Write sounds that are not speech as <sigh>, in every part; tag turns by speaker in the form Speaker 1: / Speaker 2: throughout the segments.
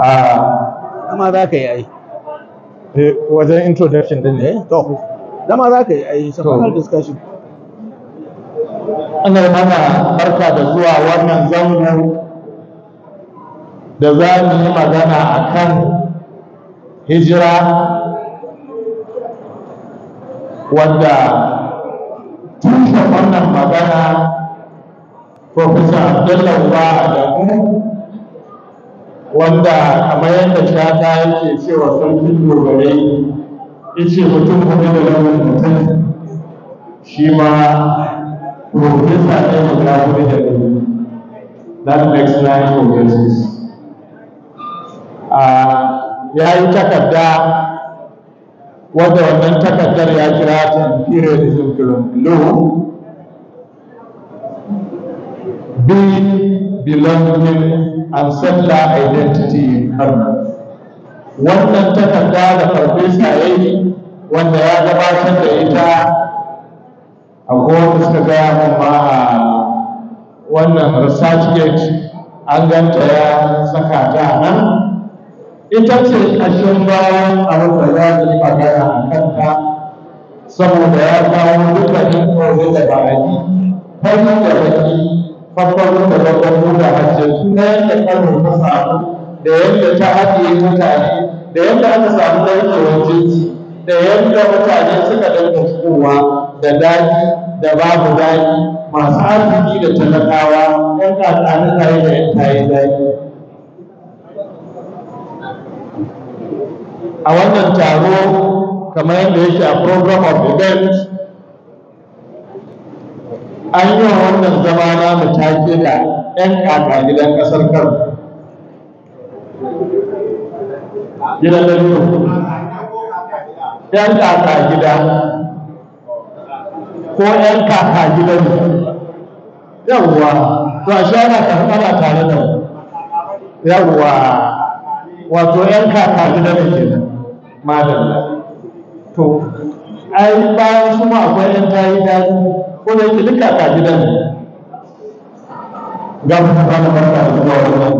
Speaker 1: Ah. dama za ka yi ai eh, wajen introduction din ne eh, to dama za ka yi ai safanar discussion ana mana barka da zuwa wannan zaunar da za mu yi magana a kan hijira tun tushen wannan magana Profesa Abdullahi Uba Adamu wanda kamar yadda shata yake cewa fi dogare ce mutum kuma da launin mutum shi ma profesa
Speaker 2: ne ga kuma da launin that makes nine progresses
Speaker 1: ah, ya yi takarda wadda wannan takardar ya kira ta imperialism law
Speaker 2: be belonging An settler identity in Kano.
Speaker 1: Wannan takarda da farfesa ya yi wanda ya gabatar da ita a kowane suka gaya mun ma a wannan research gate an ganta ya saka ta nan ita ce ƙashin bayan abin da za yi magana a kanta saboda ya kawo dukkanin ƙorin da ba a yi da
Speaker 2: baki farkon da babban buga hajji su na yadda karo ta samu da yadda ta haɗe
Speaker 1: mutane da yadda aka samu narkewar jinsi da yadda mutane suka dinga fitowa da daɗi da babu daɗi masu arziki da talakawa ɗan ƙasani da ƴan tayi
Speaker 2: a wannan taro kamar yadda yake
Speaker 1: a program of event an yi wa wannan zama na take da 'yan kaka gidan ƙasar kan
Speaker 2: gidan da ɗan kaka gida ko ‘yan kaka gidan
Speaker 1: yawwa to a shara karɓar tare da yawwa
Speaker 2: wato ‘yan kaka gidan da ke nan
Speaker 1: madalla to ai bayan su ma akwai ‘yan tayi daji ko da yake duka ta gidan
Speaker 2: ga kuma ba da barka da zuwa wannan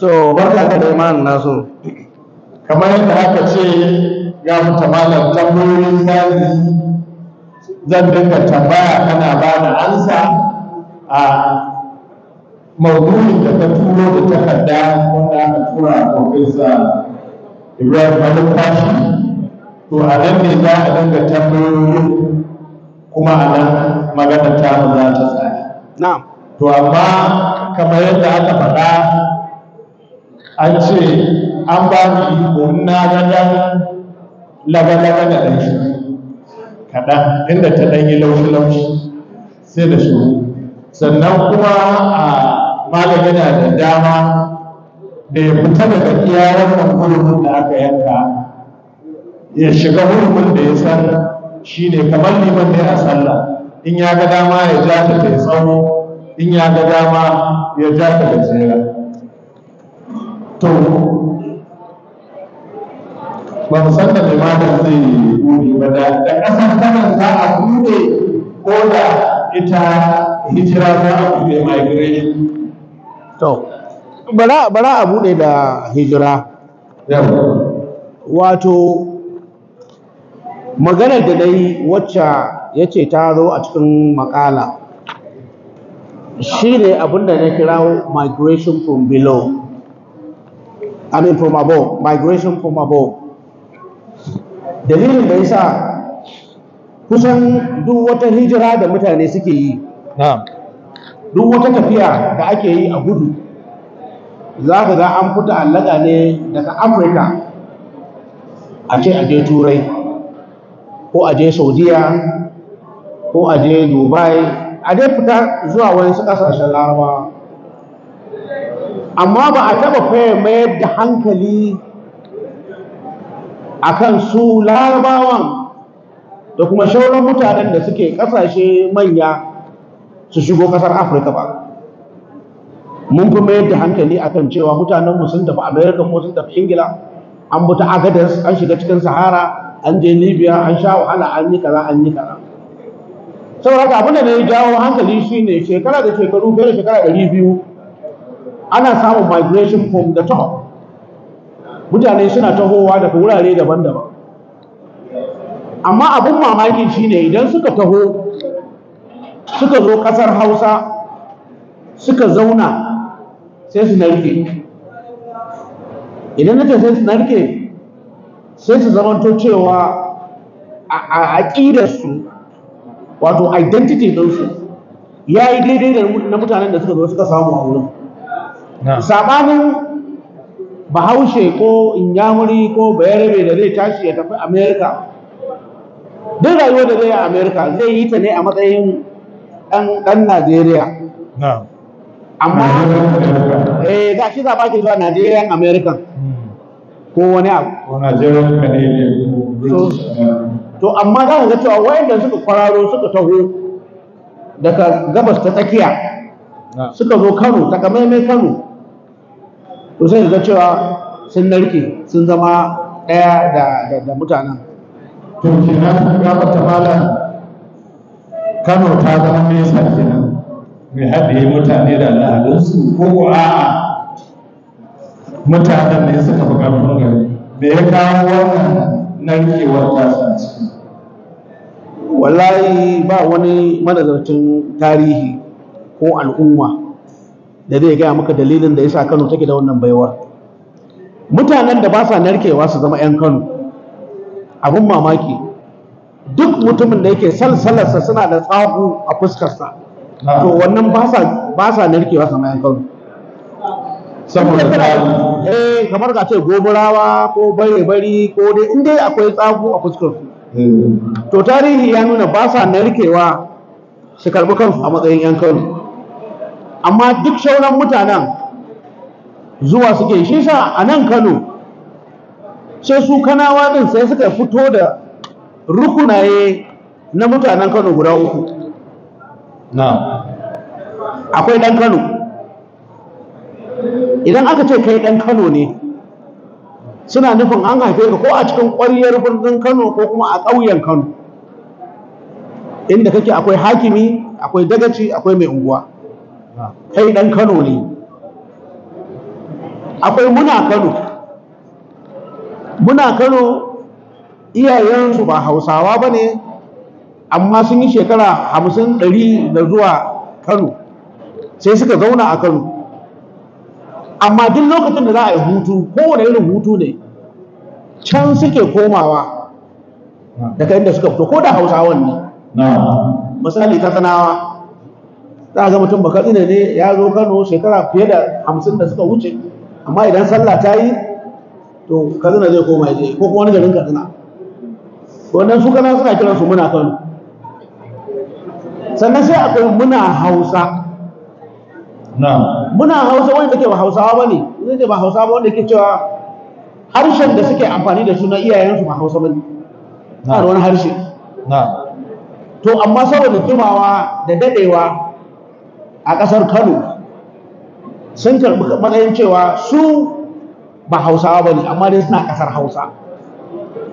Speaker 1: to barka ka da imanin nasu kamar yadda aka ce ya fita malam tambayoyin zani zan dinga tambaya kana ba
Speaker 2: da ansa a maudu'in da ta turo da takarda wanda aka tura a kofinsa? ibrahim fashi.
Speaker 1: to a nan ne za a dinga tambayoyin kuma a nan maganar ta za ta tsaya na'am to amma kamar yadda aka faɗa an ce an ba ni iko na ga dan da ɗan shi kaɗan inda ta ɗan laushi-laushi sai da shi sannan kuma a malam yana da dama da ya fita daga iya wannan da aka yanka ya shiga hurumin da ya san Shi ne kamar liman ne a sallah in ya ga dama ya ja ta da tsawo in ya ga dama ya ja ta da tsira to ba mu san da limanin zai yi buɗe ba da da ƙasar kanan za a buɗe ko da ita hijira za a buɗe migration to bara a buɗe da hijira wato maganar da na wacce ya ce ta zo a cikin makala shi ne abinda na kira migration from below I mean from above migration from above
Speaker 2: dalilin da yasa
Speaker 1: kusan duk wata hijira da mutane suke yi duk wata tafiya da ake yi a gudu za ka ga an fita allaka ne daga afirka a ce a je turai ko a je saudiya ko a je dubai a dai fita zuwa wani su kasashen larabawa amma ba a taɓa faye mayar da hankali a kan su larabawan da kuma shauran mutanen da suke ƙasashe manya su shigo kasar afirka ba mun fi mayar da hankali a kan cewa mutanenmu sun tafi amerika ko sun tafi ingila an buta agadas an shiga cikin sahara an je libya an sha wahala an yi kaza an yi kaza saboda abin da na jawo hankali shine shekara da shekaru fiye shekara ɗari biyu ana samun migration from the top mutane suna tahowa daga wurare daban-daban amma abin mamaki shine idan suka taho suka zo ƙasar hausa suka zauna sai su narke idan na ce sai su narke sai su zamanto cewa a aƙidarsu wato identity ɗinsu ya yi daidai da na mutanen da suka zo suka samu a wurin saɓanin bahaushe ko inyamuri ko bayarabe da zai tashi ya tafi amerika duk rayuwa da zai a amerika zai yi ta ne a matsayin ɗan najeriya amma eh ga shi zaɓa ke zuwa najeriya amerika hmm. ko wani abu to amma za ka ga cewa wayanda suka kwararo suka taho daga gabas ta tsakiya suka zo Kano takamaimai Kano to sai ga cewa sun narke sun zama ɗaya da mutanen
Speaker 2: to kenan an gaba ta malam Kano ta zama
Speaker 1: nesa kenan mai haɗe mutane da al'adunsu ko a'a mutanen ne suka fi ƙarfin gari me ya kawo wannan narkewar tasa ciki wallahi ba wani manazarcin tarihi ko al'umma da zai gaya maka dalilin da yasa Kano take da wannan baiwar mutanen da ba sa narkewa su zama 'yan Kano abin mamaki duk mutumin da yake salsalarsa suna da tsahu a fuskarsa to wannan ba sa narkewa su zama 'yan Kano saboda tsari eh kamar ka ce goburawa ko bare bari ko dai in dai akwai tsago a fuskar su hmm. to tarihi ya nuna ba sa narkewa su karbi kansu a matsayin yan kano amma duk sauran mutanen zuwa suke shi sa a nan kano sai su kanawa din sai suka fito da rukunaye na mutanen kano guda uku akwai dan kano idan aka ce kai ɗan kano ne suna nufin an haife ka ko a cikin ƙwariyar birnin kano ko kuma a ƙauyen kano inda kake akwai hakimi akwai dagaci akwai mai unguwa kai ɗan kano ne akwai muna kano muna kano iyayensu ba hausawa ba ne amma sun yi shekara hamsin ɗari da zuwa kano sai suka zauna a kano amma duk lokacin da za a yi hutu kowane irin hutu ne can suke komawa daga inda suka fito ko da hausawan ne misali katsinawa za a ga mutum ba katsina ne ya zo kano shekara fiye da hamsin da suka wuce amma idan sallah ta yi to katsina zai koma je ko kuma wani garin katsina wannan su kana suna kiransu muna kano sannan sai akwai muna hausa muna hausa wanda ke ba hausawa ba ne ce ba hausawa wanda ke cewa harshen da suke amfani da suna na iyayensu ba hausa ba ne na da wani harshe to amma saboda jimawa da dadewa a ƙasar kano sun karɓi matsayin cewa su ba hausawa ba ne amma dai suna ƙasar hausa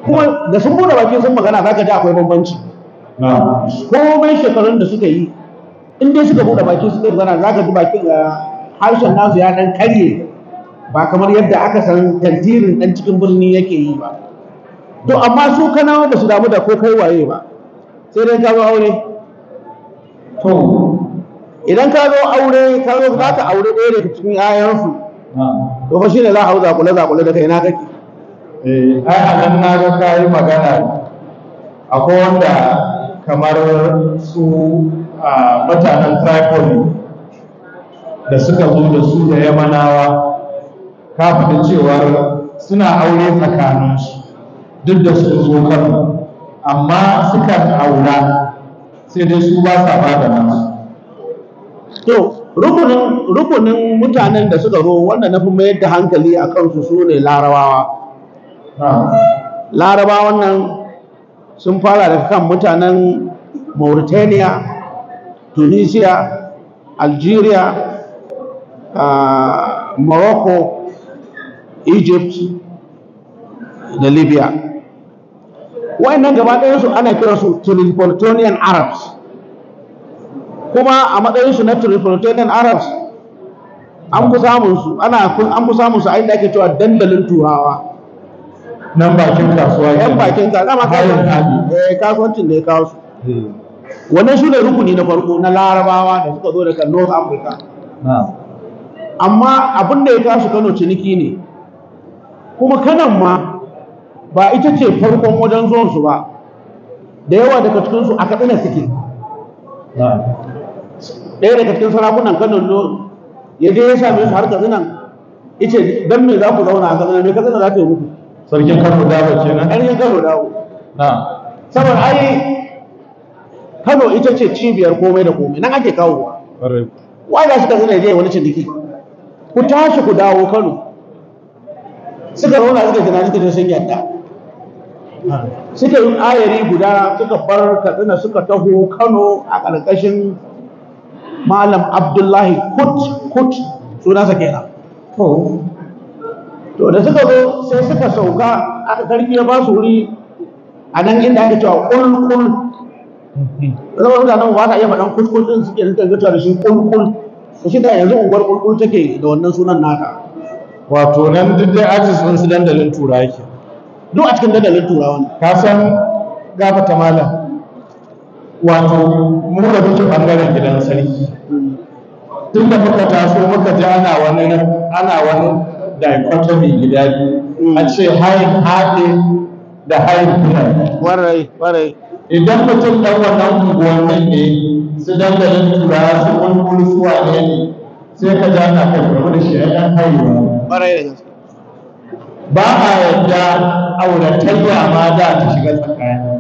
Speaker 1: kuma da sun bude bakin sun magana za ka ji akwai bambanci komai shekarun da suka yi in dai suka buɗe su suka zana za ka ji bakin eh, harshen nasu ya dan karye ba kamar yadda aka san tantirin ɗan cikin birni yake yi ba to amma su kanawa ba su damu da ko kai waye ba sai dai ka zo aure to idan ka zo aure ka zo za ka aure ɗaya daga cikin 'ya'yansu to fa shine za a hau za kula da kai na kake eh ai anan na ga kai magana akwai wanda kamar su a mutanen tripoli da suka zo da su da yamanawa kafin cewar suna aure tsakaninsu duk da su zo kan amma sukan aura sai dai su ba sa ba da nasu to rukunin mutanen da suka zo wanda na fi mayar da hankali a kansu su ne larabawa larabawa nan sun fara daga kan mutanen mauritania tunisia algeria uh, morocco egypt da libya nan gaba ɗayansu ana kira su tripolitanian arabs kuma a matsayinsu na tripolitanian arabs an samun su, ana an samun su a inda ake cewa dandalin turawa
Speaker 2: nan bakin kasuwa yan bakin kasuwa ma eh,
Speaker 1: kasuwancin da ya kawo su hmm. wannan shi ne rukuni na farko na larabawa da suka zo daga north africa amma abin da ya tashi kano ciniki ne kuma kanan ma ba ita ce farkon wajen zuwansu ba da yawa daga cikinsu a katsina suke ɗaya daga cikin sarakunan kano ya je ya same su har katsinan ice don me za ku zauna a katsina me katsina za ta yi muku sarkin kano dawo na sarkin kano dawo saboda ai Kano ita ce cibiyar komai da komai nan ake kawowa wai da suka zina je wani ciniki ku tashi ku dawo Kano suka rauna suka tunani suka sun yadda suka yi ayari guda suka bar katsina suka taho Kano a ƙarƙashin Malam Abdullahi Kut Kut sunansa kera to da suka zo sai suka sauka aka karfi ya ba su wuri a nan inda ake cewa kulkul zama mutanen ba ta iya faɗan kulkul ɗin suke rika gata da shi kulkul Da shi da yanzu unguwar kulkul take da wannan sunan naka wato nan duk dai artist ɗin su dandalin tura yake duk a cikin dandalin turawa ne ka san gafata malam wato mu da muke bangaren gidan sarki tun da muka taso muka ji ana wani ana wani dichotomy gida biyu mm. a ce hayin haɗe da hayin kuna warai warai idan mutum ɗan wannan nan ne su dandalin turawa su kulkulu su ne sai ka ja na kai gaba da shi a ɗan haihuwa ba a yadda auratayya ma da ta shiga tsakaya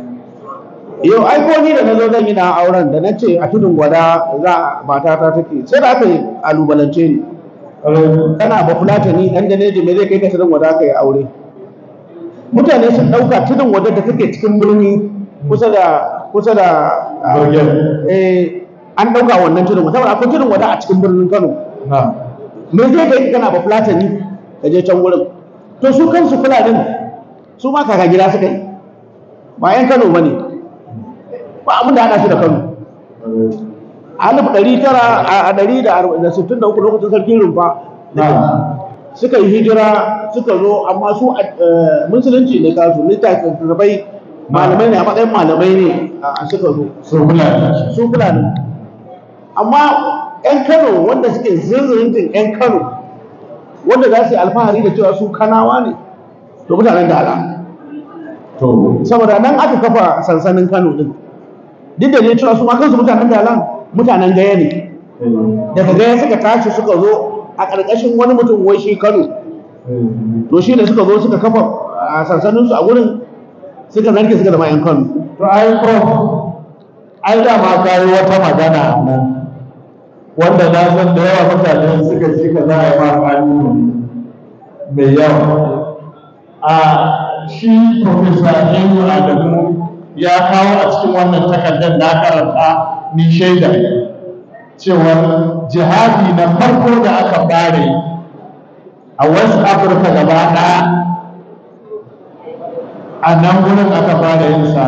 Speaker 1: yau ai ko ni da na zo zan yi na auren da na ce a tudun gwada za a matata take sai da aka yi alubalance ni kana ba fulata ni dan da me zai kai ka tudun gwada ka yi aure mutane sun ɗauka tudun gwada da take cikin birni kusa da kusa da ah, eh an dauka wannan tudun wata akwai tudun wada a cikin birnin Kano me zai kai kana ba platani ka je can gurin to su kansu fulanin su ma kaka gida suka yi ba yan Kano bane ba abin da hada shi da Kano alif ɗari tara a ɗari da sittin da uku lokacin sarkin rumfa suka yi hijira suka zo amma su eh, musulunci ne kasu littafin rabai malamai ne a matsayin malamai ne a suka zo su fulani amma yan kano wanda suke zirzirin yan kano wanda za su yi alfahari da cewa su kanawa ne to mutanen da ala saboda nan aka kafa sansanin kano din duk da ne cewa su ma kansu mutanen da ala mutanen gaya ne eh. daga gaya suka tashi suka zo a ƙarƙashin wani mutum wai shi kano eh. to shi ne suka zo suka kafa a sansaninsu a gurin suka narke suka zama 'yan to ai prof ai da ma kayi wata magana nan wanda na san da yawa mutane suka ce ka za a yi ma mai yawa a shi profesa Ewu Adamu ya kawo a cikin wannan takardar na karanta ni shaida cewar jihadi na farko da aka bare
Speaker 2: a West Afirka gaba ɗaya a nan gurin aka fara yin sa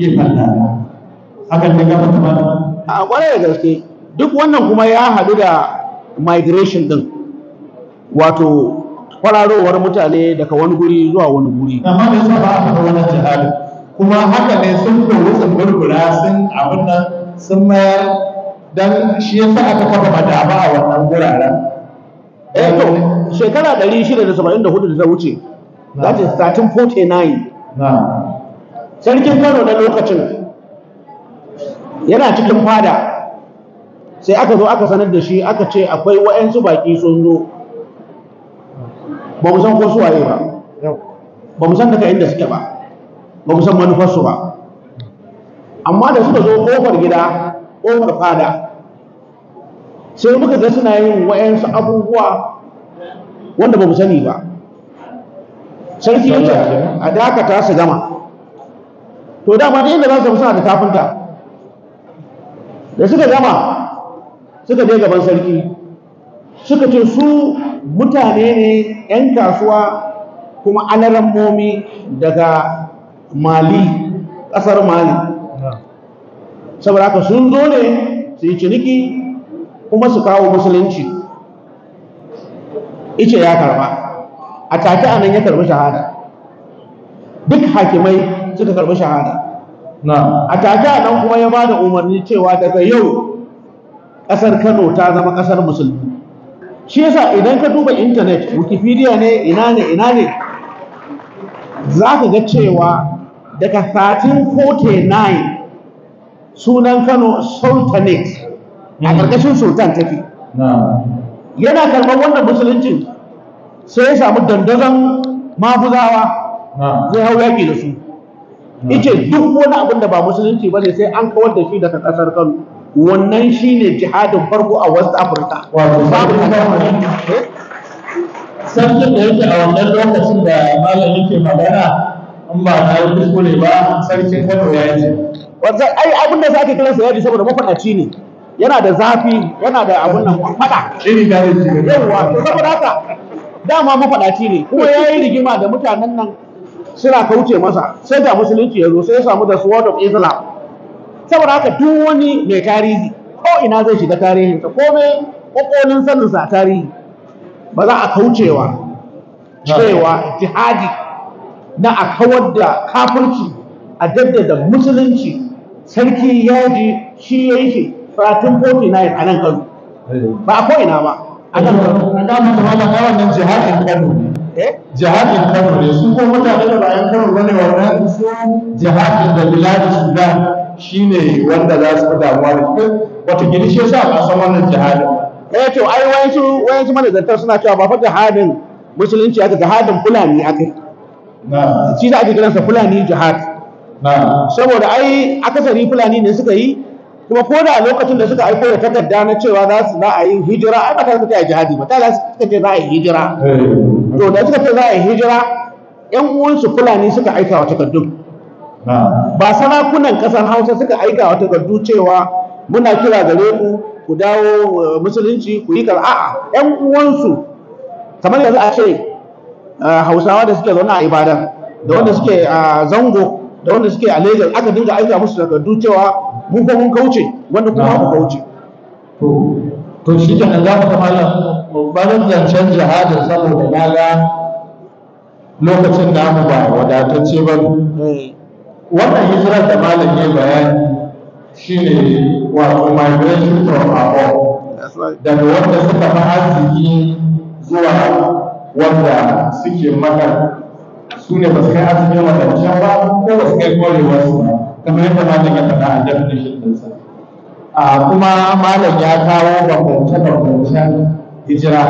Speaker 2: gefen lada hakan ne gaba ta bada
Speaker 1: a kwarai da gaske duk wannan kuma ya haɗu da migration din wato kwararowar mutane daga wani guri zuwa wani guri amma da sa ba a faɗa wannan kuma haka ne sun koyi sun gurgura sun abin nan sun mayar dan shi yasa aka kafa madama a wannan guraren eh to shekara 674 da ta wuce that is 1349 sarkin kano na lokacin yana cikin fada sai aka zo aka sanar da shi aka ce akwai wa'yansu baƙi sun zo ba mu san ko su waye ba ba mu san daga inda suke ba ba mu san manufarsu ba amma da suka zo ƙofar gida ƙofar fada sai muka ga suna yin wa'yansu abubuwa wanda ba mu sani ba sarki ya a dakata su gama to dama da inda za su suna da tafinta da suka gama suka je gaban sarki suka ce su mutane ne 'yan kasuwa kuma momi daga mali ƙasar mali saboda haka sun zo ne su yi ciniki kuma su kawo musulunci ice ya karba a take nan ya karbi shahada duk hakimai suka karbi shahada a take nan kuma ya bada umarni cewa daga yau ƙasar Kano ta zama ƙasar musulmi shi yasa idan ka duba intanet wikipedia ne ina ne ina ne za ka ga cewa daga 1349 sunan Kano Sultanate a ƙarƙashin Sultan take. Yana karɓar wannan musuluncin sai ya samu dandazon mafuzawa ah. zai hau yaki da su ice ah. duk wani abin da ba musulunci ba ne sai an kawar da shi daga ƙasar kano wannan shi ne jihadin farko a west africa sarkin da yake a wannan lokacin da malam yake magana in ba na yi kuskure ba sarkin kano ya ce wanda ai abin da sake kiransa yaji saboda mafaɗaci ne yana da zafi yana da abin nan faɗa iri da yake yawa to saboda haka dama mafaɗaci ne kuma ya yi rigima da mutanen nan suna kauce masa sai da musulunci ya zo sai ya samu da sword of islam saboda haka duk wani mai tarihi ko ina zai shiga tarihinsa ko mai kokolin sa tarihi ba za a kaucewa cewa jihadi na a kawar da kafirci a jaddada musulunci sarki yaji shi ya yi shi 1349 a nan kano ba a ko'ina ba a gama da malam wannan jihadin kano ne. Eh? jihadin kano ne su ko mutane da bayan kano bane wannan su jihadin da biladi sudan shine wanda za su fi damuwa da shi wata gidi shi yasa ba san wannan jihadin eh to ai wayansu wayansu manazartar suna cewa ba fa jihadin musulunci aka jihadin fulani aka shi za a ji kiransa fulani jihad saboda ai akasari fulani ne suka yi kuma ko da lokacin da suka aiko da takarda na cewa za su za a yi hijira ai ba suka yi jihadi ba ta za su suka ce za a yi hijira to da suka ce za a yi hijira yan uwansu fulani suka aika wa takardun ba sarakunan kasar hausa suka aika wa takardu cewa muna kira gare ku ku dawo eh, musulunci ku yi kar a'a yan uwansu kamar yanzu a ce eh, hausawa da suke zaune a ibadan da wanda suke a eh, zango da wanda suke a lagos aka dinga aika musu takardu cewa Mun fa mun kauce wanda kuma mu kauce to shi kenan za mu ta malam barin zancen jihadin saboda na ga lokacin namu ba wadatacce ba wannan hijirar da malam ya bayani ne wato migration
Speaker 2: from abroad daga wanda suka fi arziki zuwa
Speaker 1: wanda suke maka su ne ba su kai arzikin wadatacce ba ko ba su kai ba. kamar yadda malam ya faɗa a definition ɗinsa kuma malam ya kawo bambance-bambancen hijira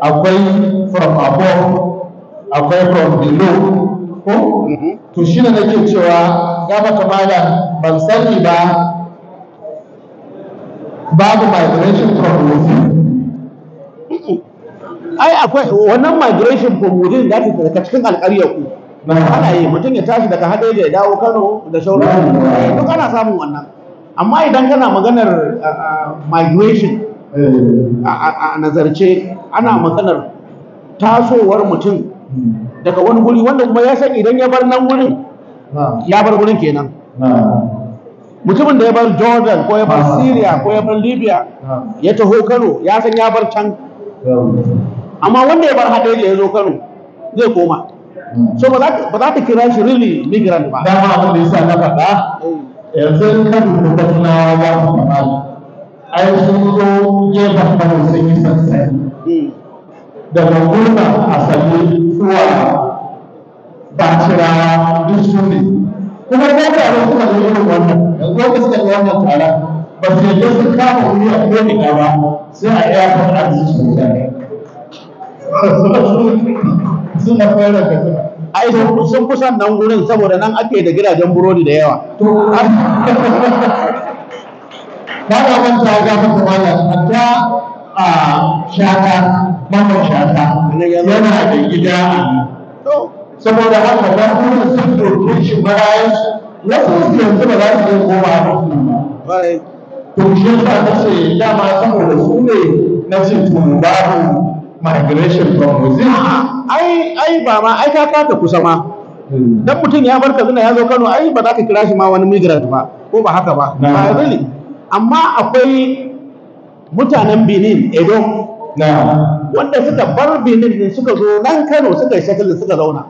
Speaker 1: akwai from above akwai from below ko mhm. to shi ne nake cewa maka malam ban sani ba babu migration from within ai akwai wannan migration from within da ta cikin alƙaryar ku ana yi mutum ya tashi daga haɗe da ya dawo kano da shauran duk ana samun wannan amma idan kana maganar migration a nazarce ana maganar tasowar mutum daga wani guri wanda kuma ya san idan ya bar nan wurin ya bar wurin kenan mutumin da ya bar jordan ko ya bar syria ko ya bar libya ya taho kano ya san ya bar can amma wanda ya bar haɗe ya zo kano zai koma Hmm. so ba za ta kira shi really migrant ba dama abin da yasa na faɗa yanzu kan duba tunawa za ku faɗa ai sun zo gefen kano sun yi sansani daga gurna
Speaker 2: a sami zuwa bacirawa duk su ne
Speaker 1: kuma ko da ba su suka yi irin wannan yanzu ba su suka yi wannan taron ba su yadda sun kama wuri a ko ina gaba sai a yi a faɗa su ne suna fara ka ai sun kusan nan gurin saboda nan ake da gidajen burodi da yawa to <laughs> ba da manta ga mutum mallam hatta a shaka mamman shata. yana da gida saboda haka ba kuma sun doke shi bayan wasu yanzu ba za su yi koma ba to shi ba ta ce dama saboda su ne na cin tumu babu migration from within ai ai ba ma ai ka kata kusa ma dan mutum ya bar Katsina ya zo Kano ai ba za ka kira shi ma wani migrant ba ko ba haka ba ba really amma akwai mutanen Benin Edo wanda suka bar Benin din suka zo nan Kano suka yi shagalin suka zauna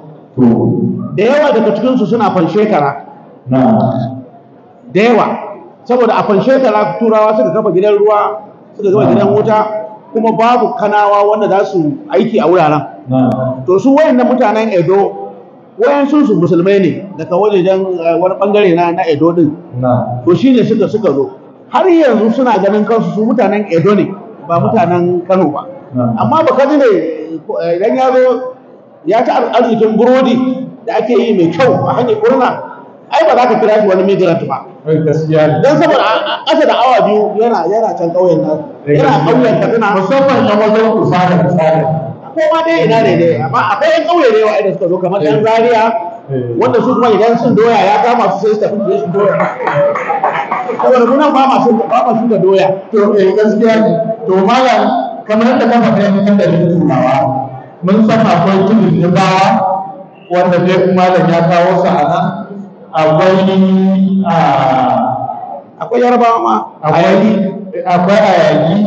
Speaker 1: da yawa daga cikin su suna fanshe shekara? da yawa saboda a fan shekara turawa suka kafa gidan ruwa suka kafa gidan wuta kuma babu kanawa wanda za su aiki a wuraren to su na mutanen edo wayan sun su musulmai ne daga wajen eh, wani bangare na edo din to shi ne suka suka zo har yanzu suna ganin kansu su mutanen edo ne ba mutanen kano ba amma ba ji ne eh, idan ya zo ya ci arzikin burodi da ake yi mai kyau a hanyar kurna ai ba za ka kira shi wani migrant ba don saboda ƙasa da awa biyu yana yana can ƙauyen nan yana ƙauyen ka tana musamman yan wajen ku kusa da ko ma dai ina ne ne amma akwai yan ƙauye ne wa idan suka zo kamar ɗan zaria eh. wanda su kuma idan sun doya ya kama su sai su tafi su doya saboda mu ba ma su ba ma su da doya to eh gaskiya ne to malam kamar yadda ka faɗa ne kan da turawa mun san akwai ne ba wanda dai malam ya kawo sa a nan akwai ah, akwai yarabawa ma akwai ayagi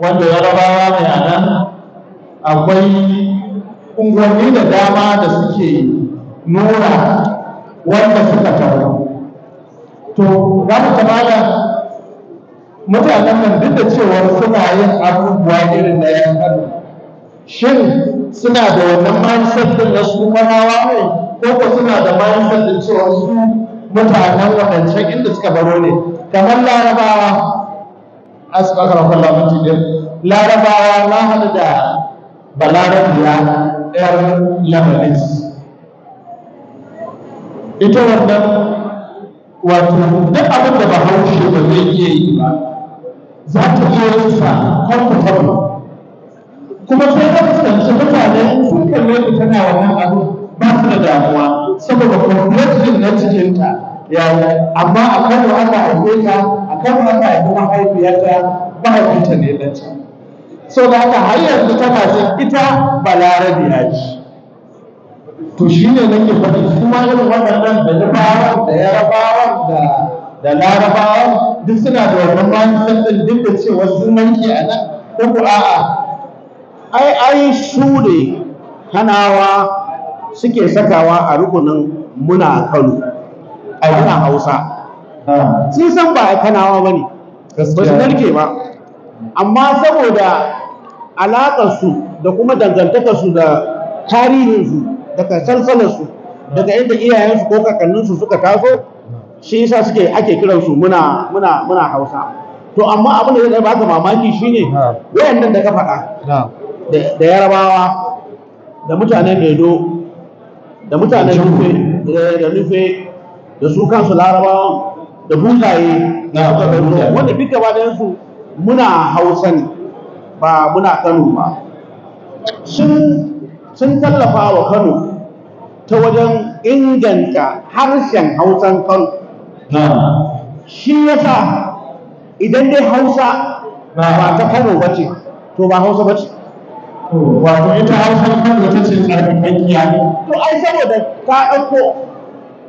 Speaker 1: wanda yarabawa mai a akwai unguwanni da dama da suke nura wanda
Speaker 2: suka taru to za mu mutanen
Speaker 1: nan duk da cewar suna yin abubuwa irin na yan shin suna da wannan mindset din na su marawa ne ko ko suna da mindset din cewa su mutanen wadancan inda suka baro ne kamar larabawa asbakar Allah mutum din larabawa na hada da balarabiya yar lebanese ita wannan
Speaker 2: wato duk abin da bahaushe ba zai iya yi ba
Speaker 1: za ta iya yin sa comfortable kuma sai ka fuskanci mutane in sun kalle ku tana wannan abu ba su da damuwa saboda complexity na cikinta ya amma a kano aka haife ta a kano aka haifi mahaifiyarta fita ne lanta. so da haka hanyar da tana son ita balarabiya ji to shi ne nake faɗi kuma irin waɗannan da nufawan da yarabawan da da larabawan duk suna da wannan mindset din duk da cewa sun manke a nan ko a'a ai ai su ne hanawa suke sakawa a rukunin muna kano a yana hausa sun san ba kanawa ba ne ba su narke ba amma saboda alaƙarsu da kuma dangantakarsu da tarihinsu daga salsalarsu daga inda iyayensu ko kakanninsu suka taso shi yasa suke ake kiransu muna muna hausa to amma abin da zai baka mamaki shine wayannan da ka faɗa da yarabawa da mutanen edo da mutanen nufe eh, da nufe da su kansu larabawan da bukaye wanda duk gaba ɗayansu muna hausa ba muna kano ba sun tallafa wa kano ta wajen inganta harshen hausan kano shi yasa idan dai hausa ba ta kano ba ce to ba hausa ba ce wato ita hausar kalma ta ce ne. to ai saboda ka ɗauko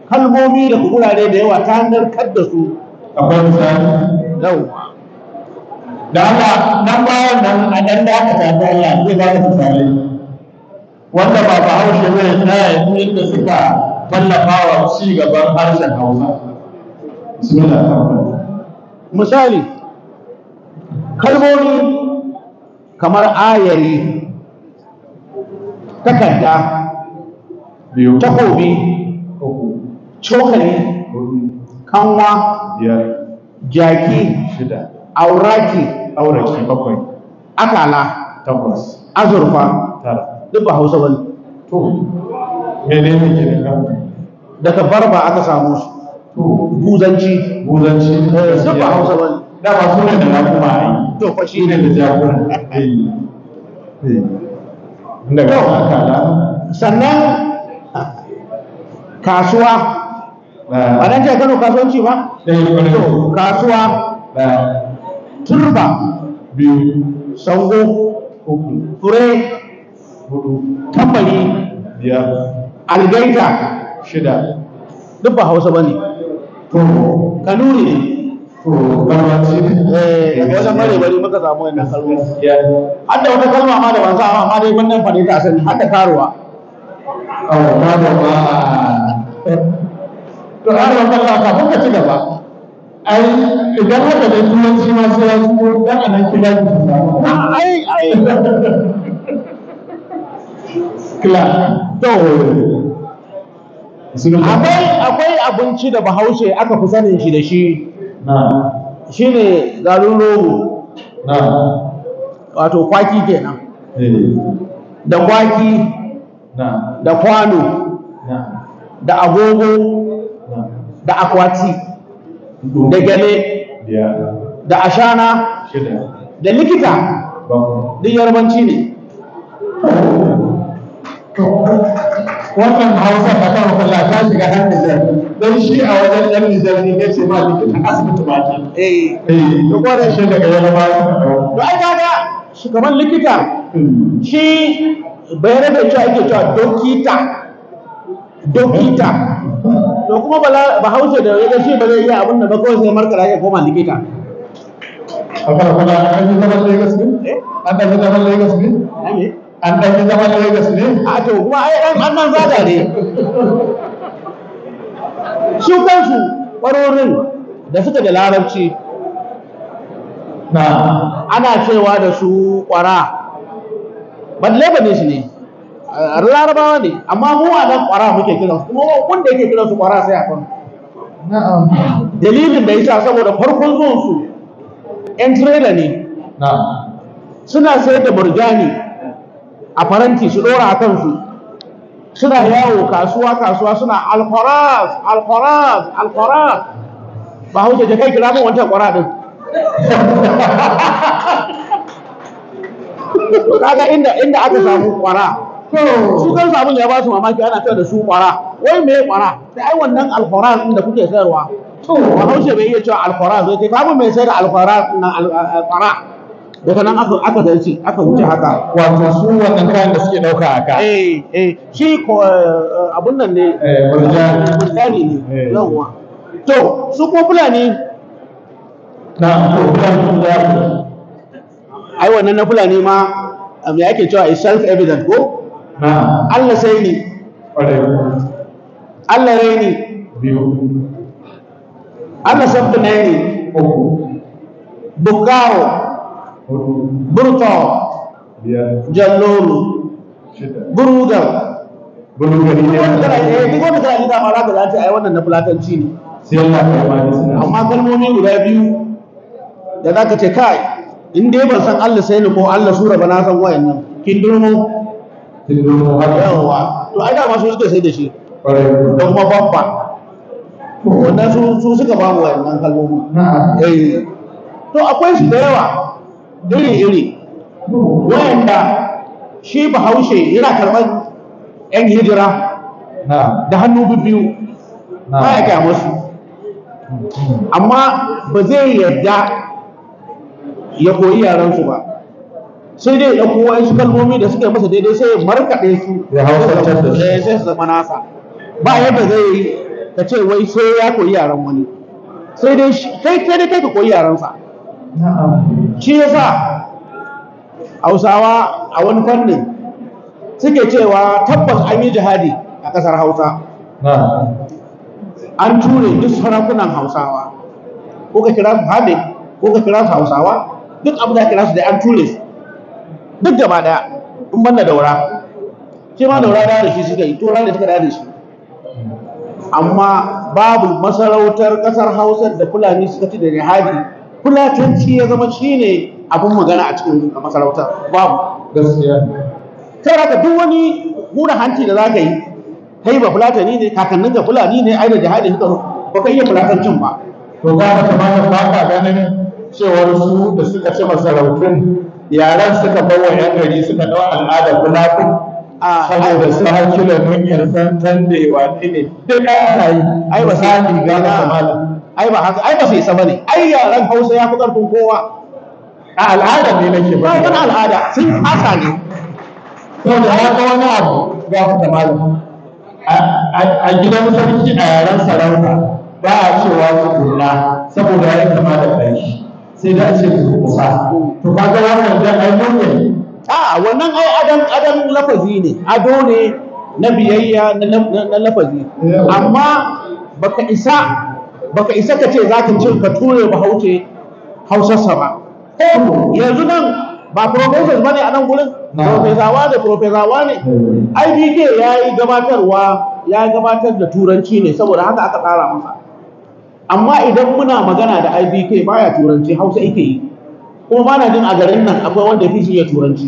Speaker 1: kalmomi da kurare da yawa ta hanyar kadda su akwai misali yau da haka nan bayan nan a ɗan da aka tafi Allah zai ba da misali wanda ba ba haushe zai tsaya da suka tallafa wa ci gaban harshen hausa misali kalmomi kamar ayari takarda biyu takobi cokali kanwa jaki shida auraki auraki bakwai akala takwas azurfa tara duk ba hausa wani daga barba aka samu su buzanci buzanci eh, duk ba hausa wani da ba su ne da kuma ai to fa shi ne da jakuna sannan kasuwa eh. ba nan ce kano kasuwanci ba eh, kasuwa eh. turba biyu sango fure tambari algaita shida duk ba hausa ba ne kanuri ne wajen mare eh, muka samu wannan kalma har da wata kalma ma da ban sa amma dai wannan fare ta asali har da oh, karuwa to an rabar da kafin ka ci gaba ai idan haka da turanci ma sai ya zuwa
Speaker 2: dan anan kila ki samu ah, ai ai kila
Speaker 1: to akwai akwai abinci da bahaushe aka fi sanin shi da shi shi ne garin rogo wato kwaki kenan eh. da kwaki da kwano da agogo da akwati da gane da ashana da likita din yarbanci ne wannan hausa ba ta wata kula ta shiga hannun zai don shi a wajen ɗan Nijar ne kace ma likita asibiti ba ke eh, eh kwada shi daga yana ba su to ai kaga shugaban likita shi bayanai da cewa ake cewa dokita dokita to kuma ba hausa da wajen shi ba zai iya abin da ba kawai sai markara ya koma likita a fara kwana an yi zaman lagos ne? Eh? an ɗan zaman lagos ne? an ɗauki zaman Lagos ne a to kuma ai an nan zaga ne su kansu ɓarorin da suka da larabci ana cewa da su ƙwara ban lebanese ne larabawa ne amma mu a nan ƙwara muke kiransu kuma wanda yake kiransu ƙwara sai a kan dalilin da ita saboda farkon zuwansu 'yan tirela ne suna sayar da burjani a faranti su dora a kansu suna yawo kasuwa kasuwa suna alfaras alfaras alfaras ba hauce je kai kira mun wancan kwara din <laughs> kaga inda inda aka samu kwara su kan sabon ya ba su mamaki ana cewa da su kwara wai me kwara sai ai wannan alfaras din da kuke sayarwa to ba hauce bai iya cewa alfaras zai ce babu mai sayar da alfaras nan alfaras daga nan aka aka aka wuce haka wato su wannan kayan da suke dauka haka eh eh shi ko eh, abun nan ne burjani eh, ne eh. yawa to su ko fulani na to fulani ai wannan na fulani ma me yake cewa is self evident ko na Allah sai ni Allah rai ni biyu Allah sabta ne ni uku Bukaro burqa jallolu burugan
Speaker 2: burugan ne duk wanda kana
Speaker 1: gida ma da zace ai wannan na fulatanci ne sai Allah ya bani suna amma kalmomi guda biyu da zaka ce kai in dai ban san Allah sai ni ko Allah sura ba na san wayannan kin durmo kin durmo yawa to ai da ba su suka sai da shi da kuma babba wannan su suka ba mu wayannan kalmomi eh to akwai shi da yawa iri-iri wanda shi bahaushe yana karɓar 'yan hijira da hannu biyu ba ya kya musu amma ba zai yadda ya koyi yaransu ba sai dai ya kowa su kalmomi da suka yi masa daidai sai ya markaɗe su ya hausantar da eh, sai su zama nasa ba yadda zai yi ka ce wai sai ya koyi yaran wani sai dai kai kai da kai ka koyi yaransa shi yasa hausawa a wani fannin suke cewa tabbas an yi jihadi a ƙasar hausa an ture duk sarakunan hausawa ko ka kira su hade ko ka kira su hausawa duk abu da kira su da an ture su duk gaba daya in banda daura shi ma daura da shi suka yi tura da suka da shi amma babu masarautar ƙasar hausa da fulani suka ci da jihadi fulatanci ya zama shi ne abin magana a cikin masarauta babu gaskiya haka duk wani muna hanci da za ka yi kai ba fulatani ne kakannin ka fulani ne ai da jihadi suka ba ka iya fulatancin ba to ga ka kamata ba ka ganin cewar su da suka ci masarautun yaran suka bawa yan gari suka dawo al'adar fulatanci saboda sakila mun yarsan tande wani ne duk an yi ai ba sai ni ga na ai ba haka ai ba sai sama ne ai yaran Hausa ya fi karfin kowa a al'ada ne nake ba ba al'ada sun asa ne saboda ya ga wani abu ga ku da malam a gidan sarki a yaran sarauta ba a cewa tukunna saboda ya kama da ɗanshi sai da ce tukunna to kaga wannan dan ai mun ne a wannan ai adan adan lafazi ne ado ne na biyayya na lafazi amma baka isa baka isa ka ce zaka cin ka ture bahaushe hausarsa ba yanzu nan ba professors bane a nan gurin profesawa da profesawa ne IDK ya yi gabatarwa ya gabatar da turanci ne saboda haka aka tsara masa amma idan muna magana da IBK baya turanci hausa yake yi kuma ba na jin a garin nan akwai wanda ya fi shi ya turanci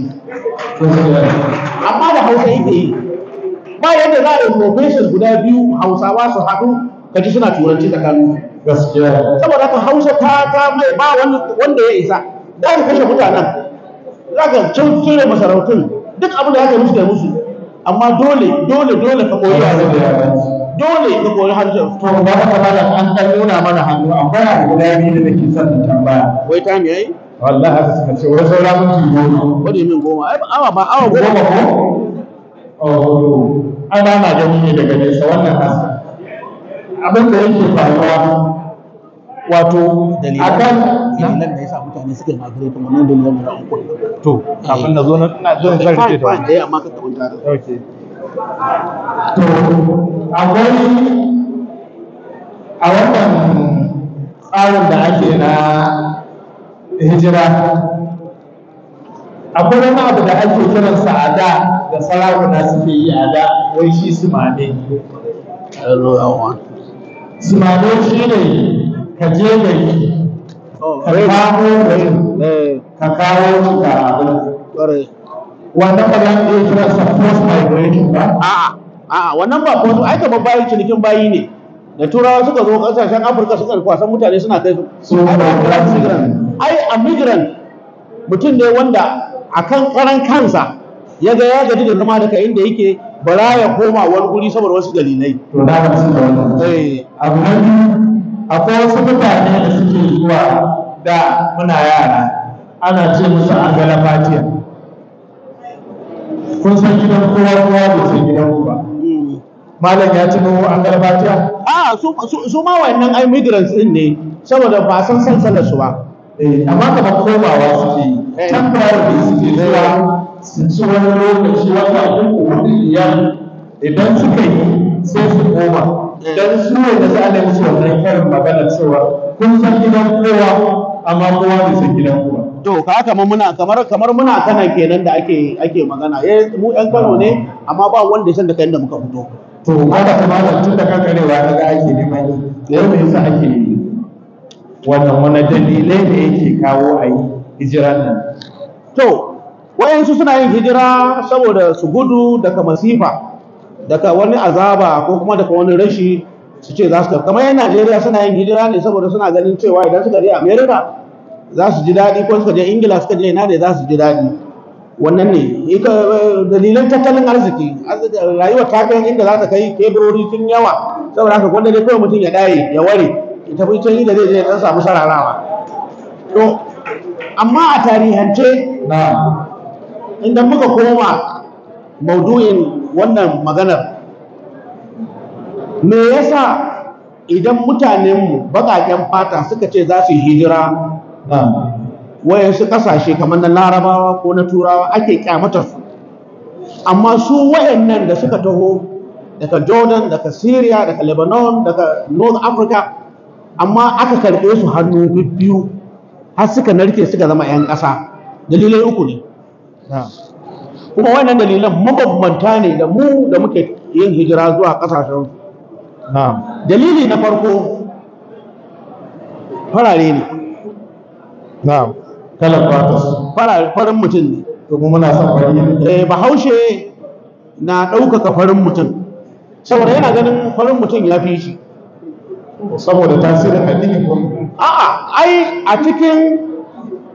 Speaker 1: amma da hausa yake yi ba yadda za a yi profession guda biyu hausawa su haɗu kaji suna turanci kanu saboda ka hausa ta ta mai ba wanda ya isa da ka kashe mutanen za ka cire masarautun duk abin da ya kai musu da musu amma dole dole dole ka koyi yare dole ka koyi harshen to ba ka malam an dan nuna mana hannu akwai abu guda biyu da ke son tambaya wai ta me yayi wallahi haka suka ce wai saura minti goma what do you goma ai awa ba awa goma ko oh ai ba na gani ne daga nesa wannan hasa abin da yake faruwa wato akan dalilan ne yasa mutane suke migrate kuma nan dalilan da an koyi to kafin na zo zo rike ta amma ka okay to akwai a wannan tsarin da ake na hijira akwai wani abu da ake kiransa a da da sarakuna suke yi a da wai shi su su mane shi ne ka je yi ka da oh, eh. gari eh. ka kawo shi abin wannan ba za ka iya kiransa post migration ba a'a a'a wannan ba post ai kamar bayin cinikin bayi ne da turawa suka zo kasashen afirka suka kwasan mutane suna kai su ai a migrant mutum ne wanda a kan karan kansa ya ga ya gaji da zama daga inda yake bara ya koma wani guri saboda wasu dalilai eh. akwai wasu mutane da suke zuwa da muna yara ana ce musu an kun san gidan kowa kowa ba sai gidan ku ba malam ya tuno an garbatiya a su ma wayannan ai migrants din ne saboda ba san san sanar su ba eh, amma kamar komawa suke temporary eh. suke zuwa su wani lokaci wata uku hudu ya idan suka yi sai su koma eh. dan su ne da za a su wannan karin magana cewa kun san gidan kowa amma kowa bai san gidan kowa to ka kamar muna kamar kamar muna kana kenan da ake ake magana eh mu yan Kano ne amma ba wanda ya san da kai inda muka fito
Speaker 2: to haka kuma da tun da kankarewa ta ga ake
Speaker 1: neman yi da yau mai yasa ake yi wannan wani dalilai ne yake kawo a yi hijiran nan to wayansu suna yin hijira saboda su gudu daga masifa daga wani azaba ko kuma daga wani rashi su ce za su kamar yan najeriya suna yin hijira ne saboda suna ganin cewa idan suka je america za su ji daɗi ko suka je ingila suka je ina da za su ji daɗi wannan ne eh, dalilan tattalin arziki rayuwar ta kai inda za ta kai teburori tun yawa saboda haka wanda dai kawai mutum ya daye ya ware ita tafi can inda zai je ya samu sararawa to amma a tarihance inda muka koma maudu'in wannan maganar me yasa idan mutanenmu baƙaƙen fata suka ce za su yi hijira wayansu ƙasashe kamar na larabawa ko na turawa ake kyamatar su amma su wayannan da suka taho daga jordan daga syria daga lebanon daga north africa amma aka karɓe su hannu biyu har suka narke suka zama 'yan ƙasa dalilai uku ne kuma wannan dalilan mabambanta ne da mu da muke yin hijira zuwa ƙasashen dalili na farko farare ne kalan fata farin mutum ne to muna son farin eh bahaushe na ɗaukaka farin mutum saboda yana ganin farin mutum ya fi shi saboda tasirin addini ko a'a ai a cikin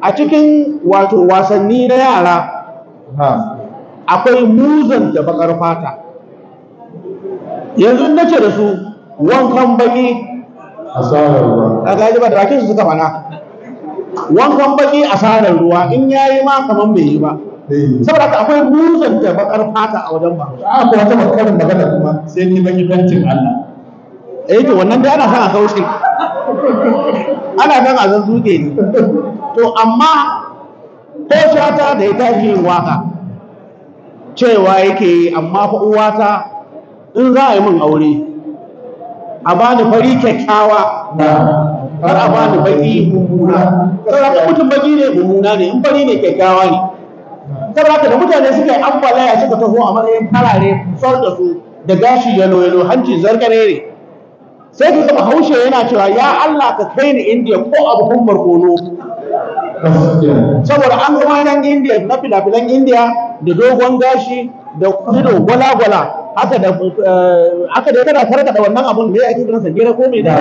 Speaker 1: a cikin wato wasanni na yara akwai muzan da bakar fata yanzu na ce da su wankan baki a gaji ba da bakin su suka fana wankan baki asarar ruwa in ya yi ma kamar bai yi ba eh. saboda ka akwai busan da bakar fata a wajen ba a ko wata bakar magana kuma sai ni baki dantin Allah eh to wannan dai ana san a kauce ana san a zazzuke ne to amma ko shata da ya ji yin waka cewa yake yi amma fa uwata in za a yi min aure a bani fari kyakkyawa har a bani baki mummuna saboda mutum baki ne mummuna ne in bari ne kyakkyawa ne saboda da mutane suka yi ambalaya suka taho a matsayin farare sar da su da gashi yalo yalo hanci zargare ne sai ka zama haushe yana cewa ya Allah ka kai ni indiya ko abu kun barkono saboda an zama nan indiya na filafilan indiya da dogon gashi da ido gwala-gwala haka da eh, haka da kana karkada wannan abun da ake kiransa gera ko me da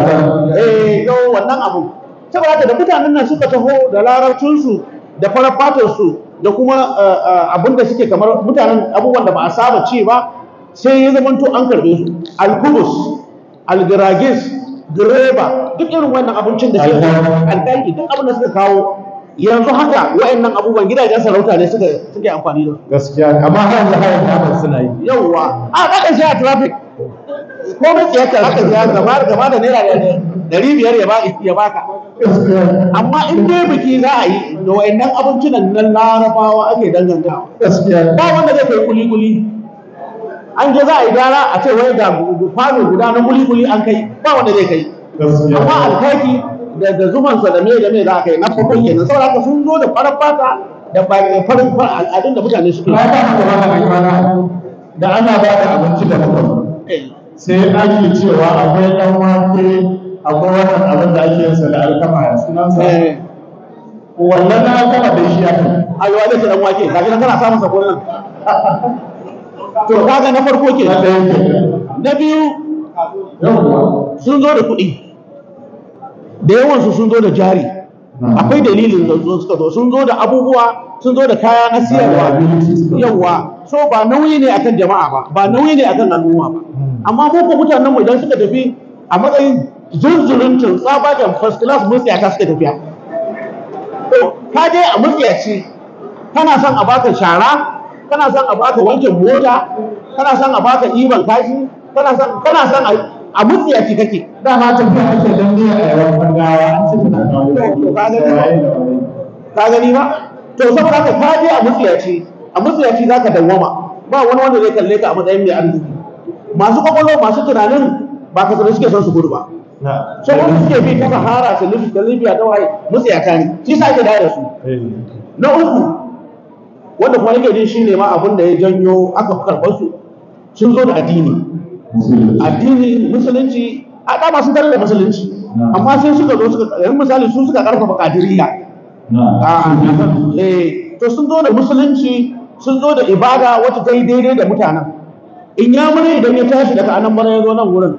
Speaker 1: eh yau wannan abun saboda da mutanen nan suka taho da larabcin su da farar fatar su da kuma eh, eh, abun da suke kamar mutanen abubuwan da ba a saba ci ba sai ya zama to an karbe su al-kubus al-giragis direba duk irin wannan abincin da suke alƙaƙi duk abin da suka kawo yanzu haka wa'annan abubuwan gidajen sarauta ne suka suke amfani da
Speaker 2: gaskiya amma har da hayan da suna yi
Speaker 1: yawa a kada shi a traffic ko ba tsiyata haka ya gaba gaba da naira dari biyar ya baka ya baka amma in dai biki za a yi da wa'annan abincinan nan larabawa ake danganta gaskiya ba wanda zai kai kuli kuli an je za a yi gara a ce wai ga kwano guda na kuli kuli an kai ba wanda zai kai amma alkaki da zubansa da me da me za ka yi na farko kenan saboda haka sun zo da farar fata da bakin farin al'adun da mutane suke ba ta ta da ana ba ta abinci da mutum eh. sai ake cewa akwai dan wake akwai wannan abin da ake yin sa da alkama ya sunansa eh. wannan na alkama da shi aka alwale shi dan wake kaji gina kana samun sakon nan to kaga na farko ke na biyu sun zo da kuɗi da yawansu sun zo da jari ah. akwai dalilin da suka zo sun zo da abubuwa sun zo da kaya na ah, siyarwa yawa so ba nauyi ne akan jama'a ba ba nauyi ne akan al'umma ba hmm. amma mu ko mutanen mu idan suka tafi a matsayin tsaba da first class mun tsaya suka tafiya to ka je a mutsiyaci kana son a baka shara kana son a baka wankin mota kana son a baka iban kashi kana son kana son a a mutu ya ce kake dama tafiya ake dan ne a yawan bangawa an ce tana kawo ka gani ba to saboda haka ka je a mutu ya ce a mutu ya ce zaka dawwama ba wani wanda zai kalle ka a matsayin mai arziki masu kwakwalwa masu tunanin ba ka sanar suke son su gudu ba so wani suke bi ta sahara su libya ta libya ta waye mutu ya kani shi sa ake dawo da su eh. na uku wanda kuma yake jin shi ne ma abin da ya janyo aka karɓar su sun zo da addini addini musulunci a da tare da musulunci amma sai suka zo suka yan misali su suka karfafa kadiriyya ah, eh, to sun zo da musulunci sun zo da ibada wata ta yi daidai da mutanen in ya mure idan ya tashi daga anan mara ya zo nan wurin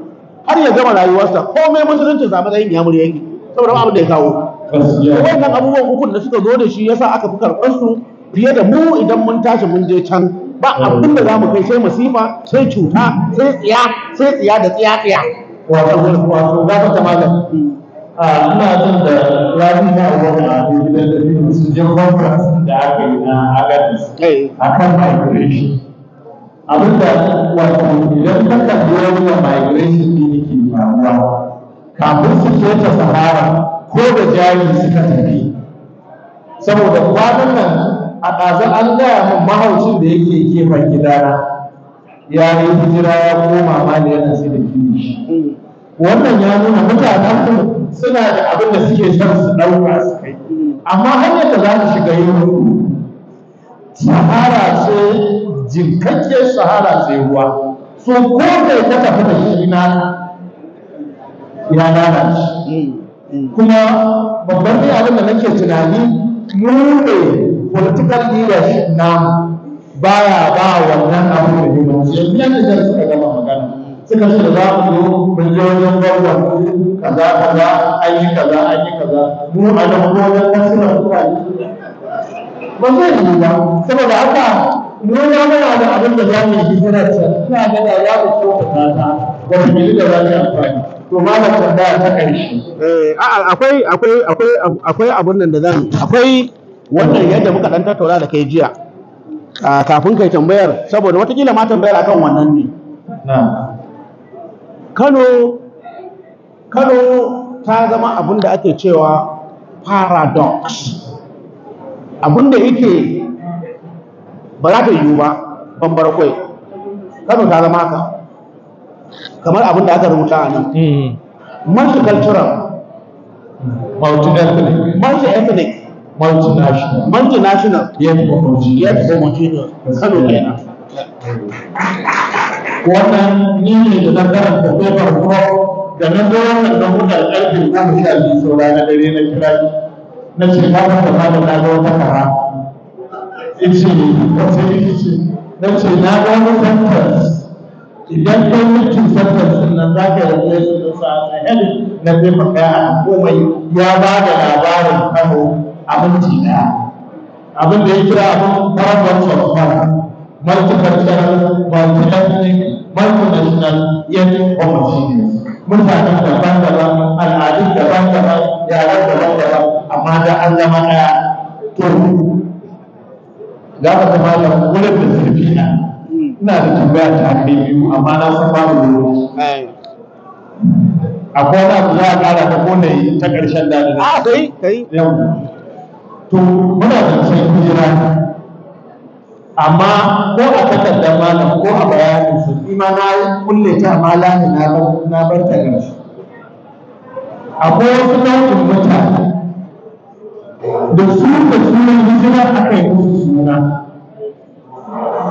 Speaker 1: har ya gama rayuwarsa komai musulunci zama da yin ya mure yake saboda ba da ya kawo wannan abubuwan ukun da suka zo da shi yasa aka fi karɓar su fiye da mu idan mun tashi mun je can ba abin da za mu kai sai masifa sai cuta sai tsiya sai tsiya da tsiya tsiya wato wato ga ta
Speaker 2: malam a ah, ina jin da rabi na wani abu da su je conference
Speaker 1: da aka yi na agadis akan migration abinda wato idan ka kalli wani migration din yake faruwa kafin su keta sahara ko da jari suka tafi saboda kwanan nan a ƙazan an gaya min mahaucin da yake gefen gidana ya yi hijira ya koma da yana sai da kiwi wannan ya nuna mutanen suna da abin da suke son su ɗauka su kai amma hanyar da za ta shiga yin sahara ce jinkakke sahara ce ruwa so ko kai ta tafi da shi na ya lalace mm, mm. kuma babban abin da nake tunani mu ne political leadership namu baya ba wannan abin da muhimmanci yanzu yan Nijar suka gama magana suka ce da za mu zo miliyoyin gwamnan kaza kaza an yi kaza an yi kaza mu a nan gonar kasuna kuka yi ba zai yi ba saboda haka mu ya mana da abin da za mu yi hijira ce suna ga ya ku ko ta ta
Speaker 2: wata gili da za mu
Speaker 1: amfani to ma da tambaya ta ƙarshe eh, a'a akwai akwai akwai akwai abin nan da zan akwai wannan yadda muka dan tattaura da kai jiya kafin kai tambayar saboda watakila ma tambayar akan wannan ne kano kano ta zama abinda ake cewa paradox abinda yake ba za ta yiwu ba bambar kwai kano ta zama ka kamar abinda aka rubuta a nan mm-hmm. multicultural multi-ethnic multinational multinational yes kano kenan wannan ni ne da na karanta paper da na zo wannan da muka alƙalfi na mushal saura na dare na kira na ce ba ka da na ga wata fara
Speaker 2: ice wata na ce na ga sentence
Speaker 1: idan ka yi cin sentence din nan za ka rage su da a heading na paper ɗaya a komai ya ba da labarin kano abinci daya abin da ya kira abin paragraphs of power multicultural multiethnic multinational yet homogeneous mutanen daban-daban al'adun daban-daban yaran daban-daban amma da an zama daya to ga ka zama da wurin da zurfi na ina da tambaya ta kai biyu amma na san babu wuri akwai wani abu za a kara ta kone ta ƙarshen dadin a ah, kai kai yau to muna zancen kujera amma ko a takardar malam ko a bayanin su ima na kulle ta malami na bar na bar ta gashi akwai wasu nau'in mutane da su da suna
Speaker 2: hijira aka yi musu suna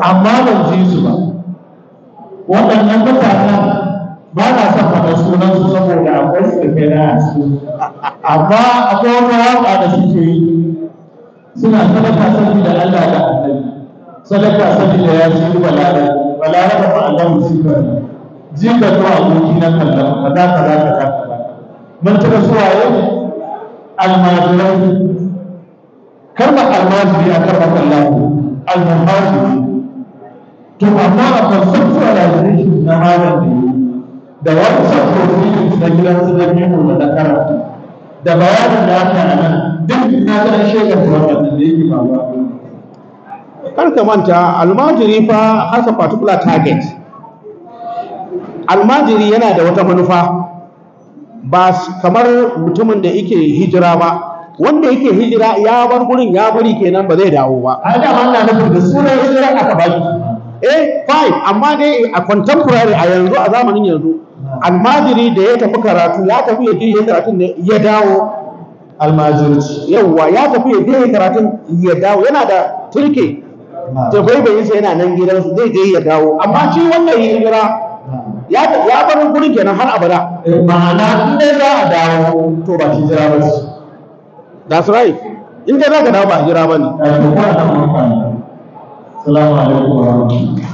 Speaker 2: amma ban ji su ba
Speaker 1: waɗannan mutanen ba na son faɗa sunan su saboda akwai su da kai na amma akwai wata waƙa da suke yi suna sadaka saboda Allah da annabi sadaka saboda ya ci balada balada ba Allah mu shi kan jika to aboki na kallon kaza kaza kaza mun tura suwa yau almajirai karba almajiri a karba kallon almajiri to amma a
Speaker 2: conceptualization na malam da wani profilin na gidan su da biyu da karatu da bayanin da aka yi duk na ga shaidar wannan da yake
Speaker 1: faruwa kar ka manta almajiri fa has a particular target almajiri yana da wata manufa ba kamar mutumin da yake hijira ba wanda yake hijira ya bar gurin ya bari kenan ba zai dawo ba a da wannan na da sunan hijira aka baki eh fine amma dai a contemporary a yanzu a zamanin yanzu almajiri da ya tafi karatu ya tafi yadda ya karatu ne ya dawo almajirci yawwa ya tafi ya karatu ya dawo yana da turke ta baibayin sa yana nan su zai je ya dawo amma shi wannan hijira ya ya bar gurin kenan har abada ma'ana in dai za a dawo to ba hijira ba ce that's right in dai za ka dawo ba hijira ba ne assalamu alaikum